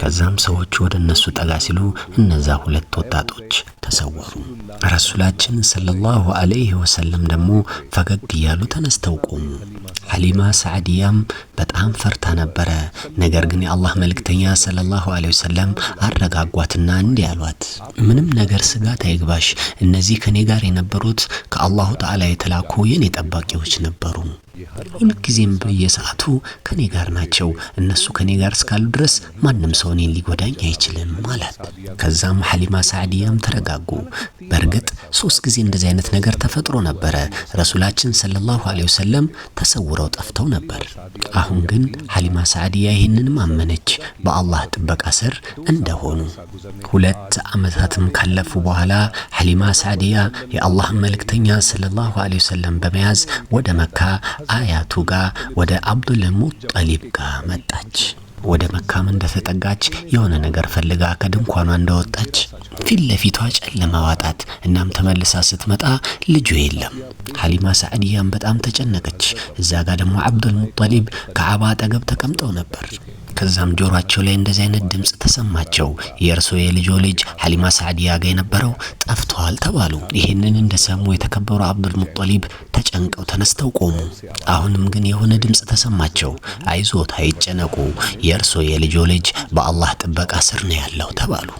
ከዛም ሰዎች ወደ እነሱ ጠጋ ሲሉ እነዛ ሁለት ወጣቶች ተሰወሩ። ረሱላችን ሰለላሁ አለይህ ወሰለም ደግሞ ፈገግ እያሉ ተነስተው ቆሙ። ሐሊማ ሳዕዲያም በጣም ፈርታ ነበረ። ነገር ግን የአላህ መልእክተኛ ሰለላሁ አለይህ ወሰለም አረጋጓትና እንዲህ አሏት፣ ምንም ነገር ስጋት አይግባሽ። እነዚህ ከኔ ጋር የነበሩት ከአላሁ ተዓላ የተላኩ የኔ ጠባቂዎች ነበሩ። ሁልጊዜም በየሰዓቱ ከኔ ጋር ናቸው። እነሱ ከኔ ጋር እስካሉ ድረስ ማንም ሰው እኔን ሊጎዳኝ አይችልም አላት። ከዛም ሐሊማ ሳዕዲያም ተረጋጉ። በእርግጥ ሶስት ጊዜ እንደዚህ አይነት ነገር ተፈጥሮ ነበረ። ረሱላችን ሰለላሁ ዐለይሂ ወሰለም ተሰውረው ጠፍተው ነበር። አሁን ግን ሐሊማ ሳዕዲያ ይህንንም አመነች፣ በአላህ ጥበቃ ስር እንደሆኑ። ሁለት ዓመታትም ካለፉ በኋላ ሐሊማ ሳዕዲያ የአላህን መልእክተኛ ሰለላሁ ዐለይሂ ወሰለም በመያዝ ወደ መካ አያቱ ጋር ወደ አብዱል ሙጠሊብ ጋር መጣች። ወደ መካም እንደተጠጋች የሆነ ነገር ፈልጋ ከድንኳኗ እንደወጣች ፊት ለፊቷ ጨለማ ዋጣት። እናም ተመልሳ ስትመጣ ልጁ የለም። ሀሊማ ሳዕዲያን በጣም ተጨነቀች። እዛ ጋር ደግሞ አብዱል ከአባ አጠገብ ተቀምጠው ነበር። ከዛም ጆሯቸው ላይ እንደዚህ አይነት ድምፅ ተሰማቸው። የእርሶ የልጆ ልጅ ሀሊማ ሳዕዲያ ጋ የነበረው ጠፍቶ ሞተዋል ተባሉ። ይህንን እንደሰሙ የተከበሩ አብዱል ሙጠሊብ ተጨንቀው ተነስተው ቆሙ። አሁንም ግን የሆነ ድምፅ ተሰማቸው። አይዞት፣ አይጨነቁ፣ የእርሶ የልጆ ልጅ በአላህ ጥበቃ ስር ነው ያለው ተባሉ።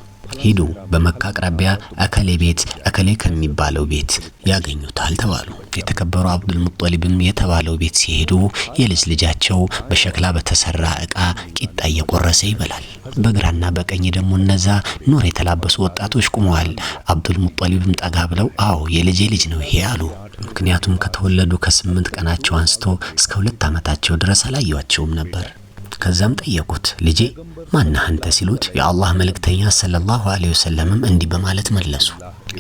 ሂዱ በመካ አቅራቢያ እከሌ ቤት እከሌ ከሚባለው ቤት ያገኙታል ተባሉ። የተከበሩ አብዱልሙጠሊብም የተባለው ቤት ሲሄዱ የልጅ ልጃቸው በሸክላ በተሰራ እቃ ቂጣ እየቆረሰ ይበላል። በግራና በቀኝ ደግሞ እነዛ ኖር የተላበሱ ወጣቶች አብዱል አብዱልሙጠሊብም ጠጋ ብለው አዎ የልጄ ልጅ ነው ይሄ አሉ። ምክንያቱም ከተወለዱ ከስምንት ቀናቸው አንስቶ እስከ ሁለት ዓመታቸው ድረስ አላየዋቸውም ነበር። ከዛም ጠየቁት ልጄ ማነህ አንተ ሲሉት የአላህ መልእክተኛ ሰለላሁ ዐለይሂ ወሰለምም እንዲህ በማለት መለሱ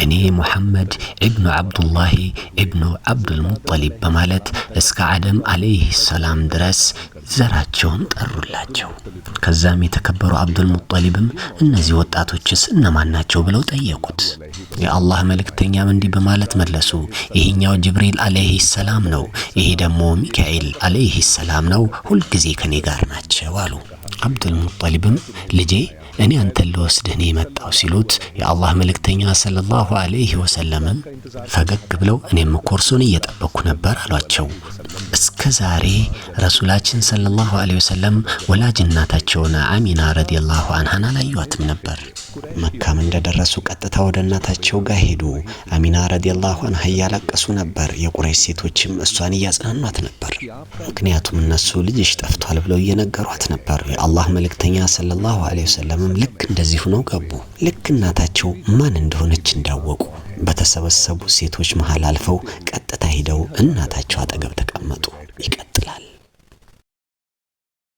እኔ ሙሐመድ እብኑ አብዱላሂ እብኑ አብዱልሙጠሊብ በማለት እስከ አደም አለይህ ሰላም ድረስ ዘራቸውን ጠሩላቸው። ከዛም የተከበሩ አብዱልሙጠሊብም እነዚህ ወጣቶችስ እነማን ናቸው ብለው ጠየቁት። የአላህ መልእክተኛም እንዲህ በማለት መለሱ። ይሄኛው ጅብሪል አለይህ ሰላም ነው፣ ይሄ ደግሞ ሚካኤል አለይህ ሰላም ነው። ሁልጊዜ ከኔ ጋር ናቸው አሉ። አብዱልሙጠሊብም ልጄ እኔ አንተ ልወስድህ ነው የመጣው ሲሉት የአላህ መልእክተኛ ሰለላሁ አለይህ ወሰለምም ፈገግ ብለው እኔም ኮርሶን እየጠበቅኩ ነበር አሏቸው። ከዛሬ ረሱላችን ሰለላሁ ዐለይሂ ወሰለም ወላጅ እናታቸውን አሚና ረዲየላሁ አንሃን አላዩአትም ነበር። መካም እንደደረሱ ቀጥታ ወደ እናታቸው ጋር ሄዱ። አሚና ረዲየላሁ አንሃ እያለቀሱ ነበር። የቁረይሽ ሴቶችም እሷን እያጽናኗት ነበር። ምክንያቱም እነሱ ልጅሽ ጠፍቷል ብለው እየነገሯት ነበር። የአላህ መልእክተኛ ሰለላሁ ዐለይሂ ወሰለምም ልክ እንደዚህ ሆነው ገቡ። ልክ እናታቸው ማን እንደሆነች እንዳወቁ በተሰበሰቡ ሴቶች መሃል አልፈው ቀጥታ ሂደው እናታቸው አጠገብ ተቀመጡ። ይቀጥላል።